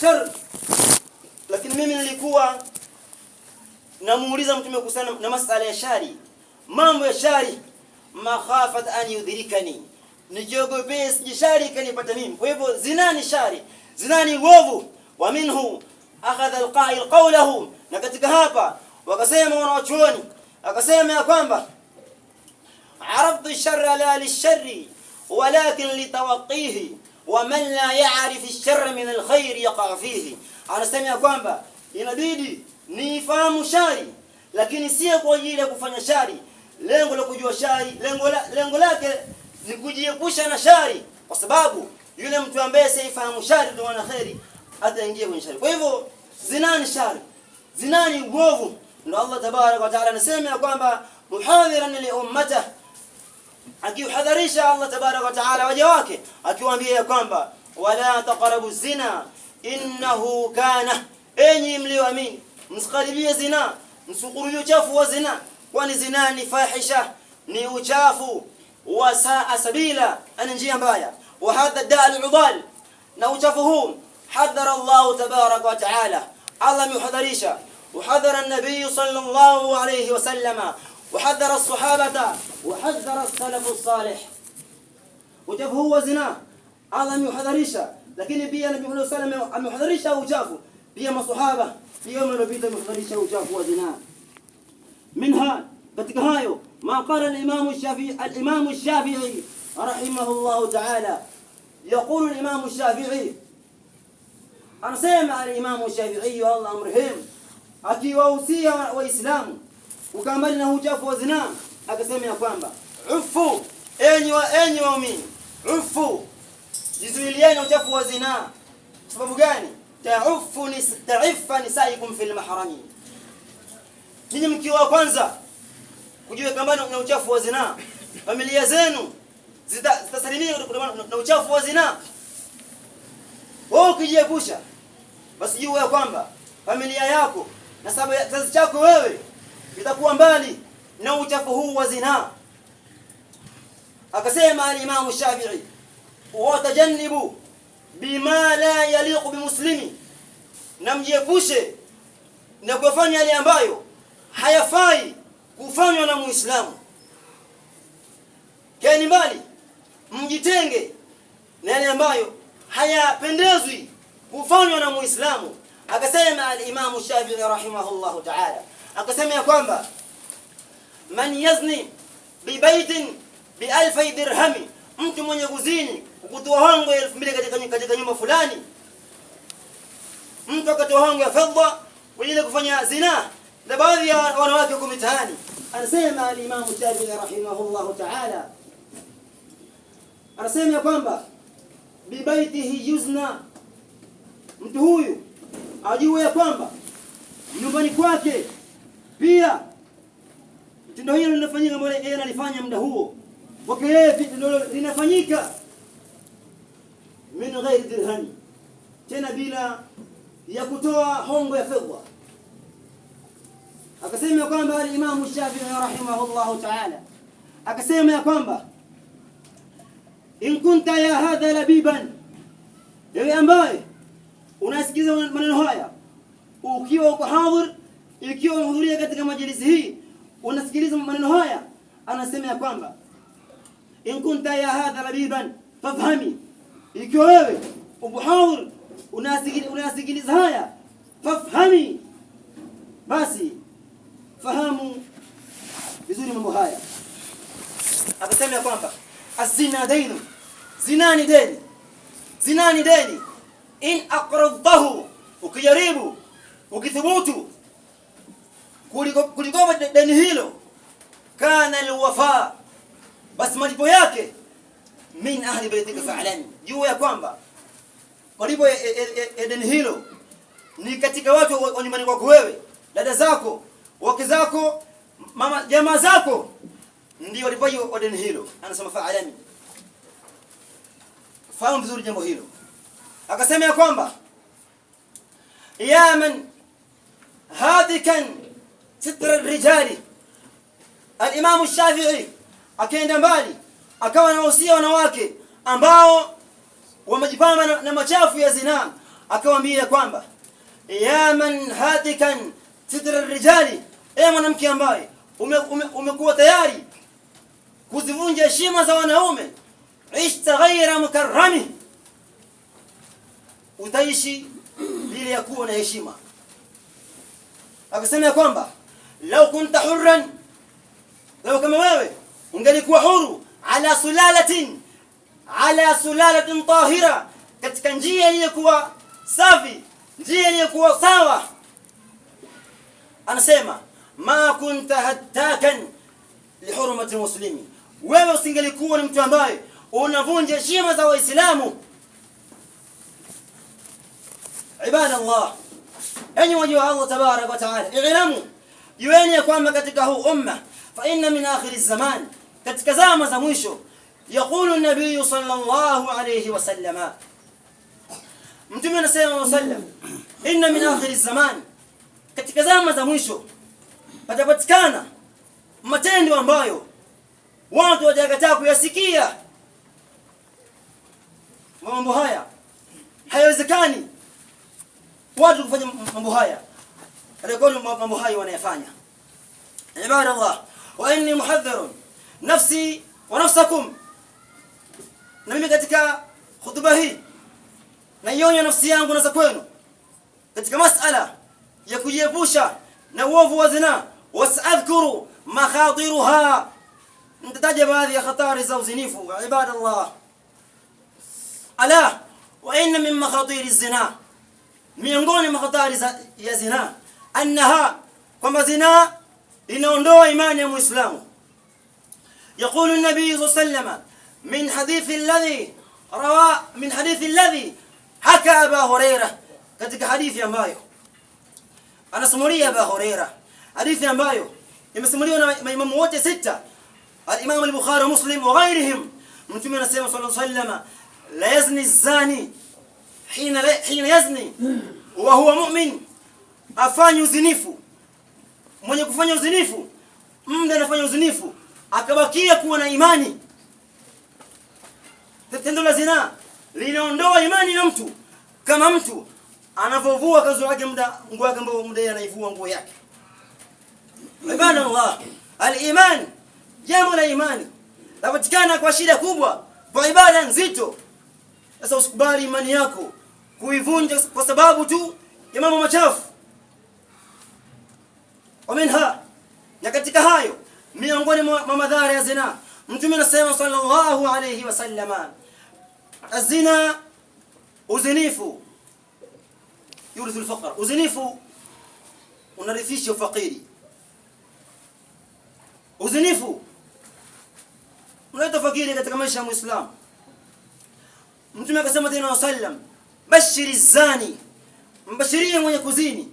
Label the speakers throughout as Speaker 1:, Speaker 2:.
Speaker 1: shar, lakini mimi nilikuwa namuuliza mtume kuhusiana na masala ya shari, mambo ya shari, mahafat an yudhirikani, nijiogopee sije shari kanipata mimi. Kwa hivyo zinani shari, zinani uovu. Wa minhu akhadha alqa'il qawluhu na katika hapa wakasema wanaochuoni akasema ya kwamba araftu sharra la lishri walakin litawaqihi wa man la ya'rif ash-sharra min al-khair yaqa fihi, anasema ya kwamba inabidi nifahamu shari, lakini si kwa ajili ya kufanya shari. Lengo la kujua shari, lengo la, lengo lake ni kujiepusha na shari, kwa sababu yule mtu ambaye sifahamu shari ndio ana khairi, ataingia kwenye shari. Kwa hivyo zinani shari, zinani uovu. Ndio Allah tabarak wa taala anasema kwamba muhadhiran li ummatihi akiuhadharisha Allah tabaraka wa taala waja wake akiwaambia kwamba wala taqrabu zina innahu kana enyi mlioamini msikaribie zina msikurubie uchafu wa zina kwani zina ni fahisha ni uchafu wa saa sabila ana njia mbaya wa hadha da'al udal na uchafu huu hadhara Allah tabarak wa Allah amehadharisha وحذر النبي صلى الله عليه وسلم وحذر الصحابة وحذر السلف الصالح وجاب هو زنا الله ما يحذريش لكن بي أنا بيقول سلم ما يحذريش وجافه بي ما صحابة في يوم ربيد ما يحذريش وجافه وزنا منها بتقهايو ما قال الإمام الشافعي الإمام الشافعي رحمه الله تعالى يقول الإمام الشافعي أنا سمع الإمام الشافعي الله أمرهم أتي وأوصي وإسلام ukambali na uchafu wa zinaa, akasema ya kwamba ufu, enyi wa enyi waumini, ufu, jizuilieni na uchafu wa zinaa. Sababu gani? taufu ni taifa nisaikum fil mahrami, ninyi mkiwa kwanza kujiweka mbali na uchafu wa zinaa, familia zenu zitasalimia na uchafu wa zinaa. Wewe ukijiepusha, basi jua ya kwamba familia yako na sababu ya kizazi chako wewe itakuwa mbali na uchafu huu wa zinaa. Akasema alimamu Shafi'i, watajannibu bima la yaliqu bimuslimi, na mjiepushe na kufanya yale ambayo hayafai kufanywa na Muislamu. Keni mbali, mjitenge na yale ambayo hayapendezwi kufanywa na Muislamu. Akasema alimamu Shafi'i rahimahullahu ta'ala akasema ya kwamba man yazni bibaitin alfi dirhami, mtu mwenye kuzini kutoa hongo 2000 elfu katika katika nyumba fulani, mtu akatoa hongo ya fedha kwa kufanya zina na baadhi ya wanawake huko mitaani. Anasema alimamu Shafi'i rahimahullahu ta'ala, anasema ya kwamba bibaitihi yuzna, mtu huyu ajue ya kwamba nyumbani kwake pia tendo hilo linafanyika mbele yeye analifanya muda huo wake yeye, tendo linafanyika min ghairi dirhami, tena bila ya kutoa hongo ya fedha. Akasema ya kwamba alimamu Shafi'i rahimahullahu ta'ala akasema ya kwamba in kunta ya hadha labiban, ewe ambaye unasikiliza maneno haya ukiwa uko hadhir ikiwa unahudhuria katika majlisi hii unasikiliza maneno haya, anasema ya kwamba in kunta ya hadha labiban fafhami, ikiwa wewe ubuhaur unasikiliza haya fafhami, basi fahamu vizuri mambo haya. Akasema ya kwamba azina dainu, zinani deni, zinani deni. In aqradtahu, ukijaribu ukithubutu kuligoma deni hilo, kana alwafa, basi malipo yake min ahli baitika fa'lan, juu ya kwamba malipo ya deni hilo ni katika watu wa nyumbani kwako wewe, dada zako, wake zako, mama jamaa zako, ndio walipaji wa deni hilo. Anasema faalani fahamu vizuri jambo hilo. Akasema ya kwamba ya man hadikan sitr rijali. Alimamu Shafi'i akaenda mbali akawa anawahusia wanawake ambao wamejipamba na, na machafu ya zina akawaambia kwamba ya man hatikan sitra rijali, e mwanamke ambaye umekuwa ume, ume tayari kuzivunja heshima za wanaume, ishta ghaira mukarrami, utaishi bila ya kuwa na heshima. Akasema kwamba لو kunta حرا lau kama wewe ungelikuwa huru, ala sulalatin, ala sulalatin tahira, katika njia iliyokuwa safi, njia iliyokuwa sawa. Anasema ma kunta hattakan lihurmati lmuslimi, wewe usingelikuwa ni mtu ambaye unavunja heshima za Waislamu. Ibada Allah, enyi waja Allah tabaraka wa taala, ilamu Jueni ya kwamba katika huu umma, fa inna min akhiri zaman, katika zama za mwisho, yaqulu nabiyu sallallahu alayhi wasallama, mtume anasema sallam, inna min akhiri zaman, katika zama za mwisho patapatikana matendo ambayo watu watakataa kuyasikia. Mambo haya hayawezekani watu kufanya mambo haya atakuwa mambo hayo wanayafanya. Ibadallah, wa inni muhadhdharun nafsi wa nafsakum, na mimi katika hutuba hii naionya nafsi yangu na za kwenu katika masala ya kujiepusha na uovu wa zina. Wasadhkuru makhadiruha, nitataja baadhi ya hatari za uzinifu. Ibadallah, ala wa inna min makhadiri zina, miongoni mwa ya zina annaha, kwamba zina inaondoa imani ya Muislamu. Yaqulu an-nabiy sallallahu alayhi wasallam min hadithi alladhi rawa min hadithi alladhi haka Aba Huraira, katika hadithi ambayo anasimulia Aba Huraira, hadithi ambayo imesimuliwa na maimamu wote sita, al-Imam al-Bukhari wa Muslim wa ghairihim. Mtume anasema sallallahu alayhi la yazni zani hina hina yazni wa huwa mu'min afanye uzinifu. Mwenye kufanya uzinifu, mda anafanya uzinifu akabakia kuwa na imani, tendo la zinaa linaondoa imani ya mtu, kama mtu anavovua kanzu yake muda nguo yake ambayo muda anaivua nguo yake. Ibadallah, al-iman, jambo la imani lapatikana kwa shida kubwa, kwa ibada nzito. Sasa usikubali imani yako kuivunja kwa sababu tu ya mambo machafu waminha, na katika hayo miongoni mwa madhara ya zina, Mtume anasema sallallahu alayhi wasallama, azina uzinifu yurithu alfaqr, uzinifu unarithisha ufakiri. Uzinifu unaleta fakiri katika maisha ya Muislamu. Mtume akasema tena wasallam, bashiri zani, mbashirie mwenye kuzini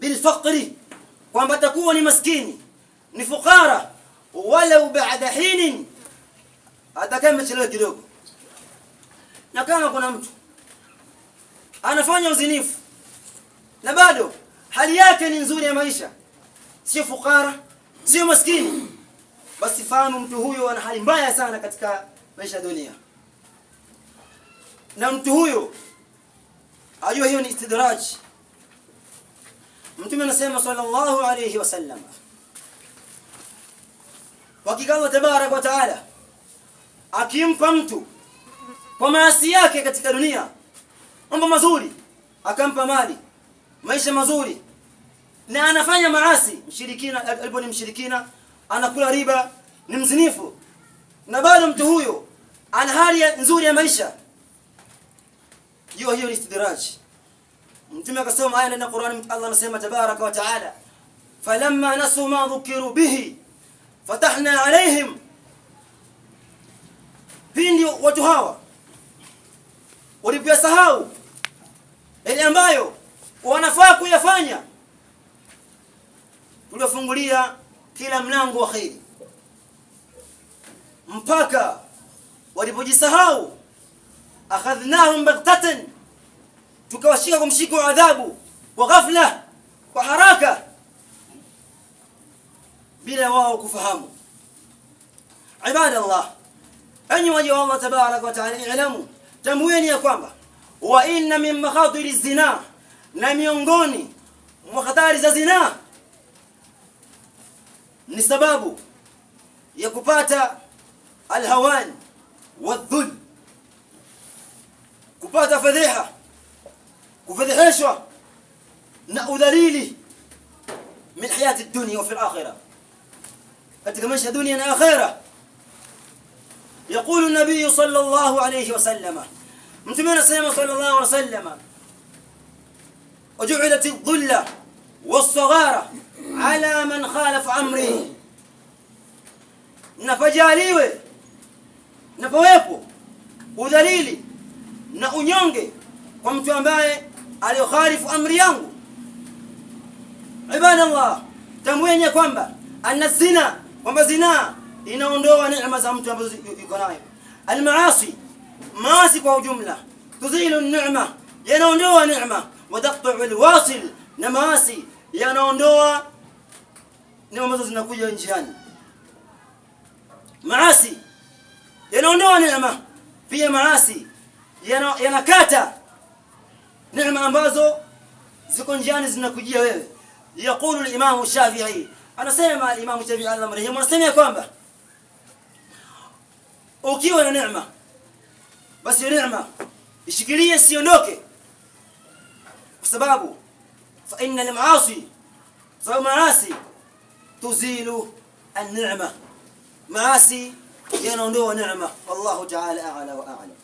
Speaker 1: bilfaqri kwamba atakuwa ni maskini ni fukara walau baada hini atakaa amechelewa kidogo. Na kama kuna mtu anafanya uzinifu na bado hali yake ni nzuri ya maisha, sio fukara, sio maskini, basi fahamu mtu huyo ana hali mbaya sana katika maisha ya dunia, na mtu huyo ajua hiyo ni istidraji Mtume anasema sallallahu alayhi wasallam, hakika Allah tabaraka wa taala akimpa mtu kwa maasi yake katika dunia mambo mazuri, akampa mali, maisha mazuri, na anafanya maasi mshirikina, alipo ni mshirikina, anakula riba, ni mzinifu, na bado mtu huyo ana hali nzuri ya maisha, jua hiyo ni istidraji Mtume akasoma aya ndani ya Qur'ani. Allah anasema tabaraka wa taala, falamma nasu ma dhukiru bihi fatahna alaihim, pindi watu hawa walipoyasahau yale ambayo wanafaa kuyafanya, tuliwafungulia kila mlango wa kheri, mpaka walipojisahau akhadhnahum baghtatan tukawashika kwa mshiko wa adhabu kwa ghafla, kwa haraka, bila wao kufahamu. Ibadallah, enyi waja wa Allah tabaraka wa taala, ilamu, tambueni ya kwamba wa inna min makhadiri zina, na miongoni mwa khatari za zina ni sababu ya kupata alhawani wadhul, kupata fadhiha kufedheheshwa na udhalili min hayati dunia wa fil akhirah katika maisha ya dunia na akhirah يقول النبي صلى الله عليه وسلم متمنى سيما صلى الله عليه وسلم وجعلت الظلة والصغارة على من خالف أمره نفجاليوه نفويبو udhalili na unyonge kwa mtu ambaye aliyokhalifu amri yangu. Ibadallah, tamwenye kwamba anna zina, kwamba zina inaondoa neema za mtu ambazo yuko nayo. Almaasi, maasi kwa ujumla, tuzilu neema, yanaondoa neema. Wa taqta'u alwasil, na maasi yanaondoa neema ambazo zinakuja njiani. Maasi yanaondoa neema, pia maasi yanakata neema ambazo ziko njiani zinakujia wewe. Yaqulu al-Imam Shafi'i, anasema al-Imam Shafi'i Allah marehemu, anasema kwamba ukiwa na neema basi neema ishikilie, siondoke, kwa sababu fa inna al-maasi, sababu maasi tuzilu an-ni'ma, maasi yanaondoa neema. Wallahu ta'ala a'la wa a'lam.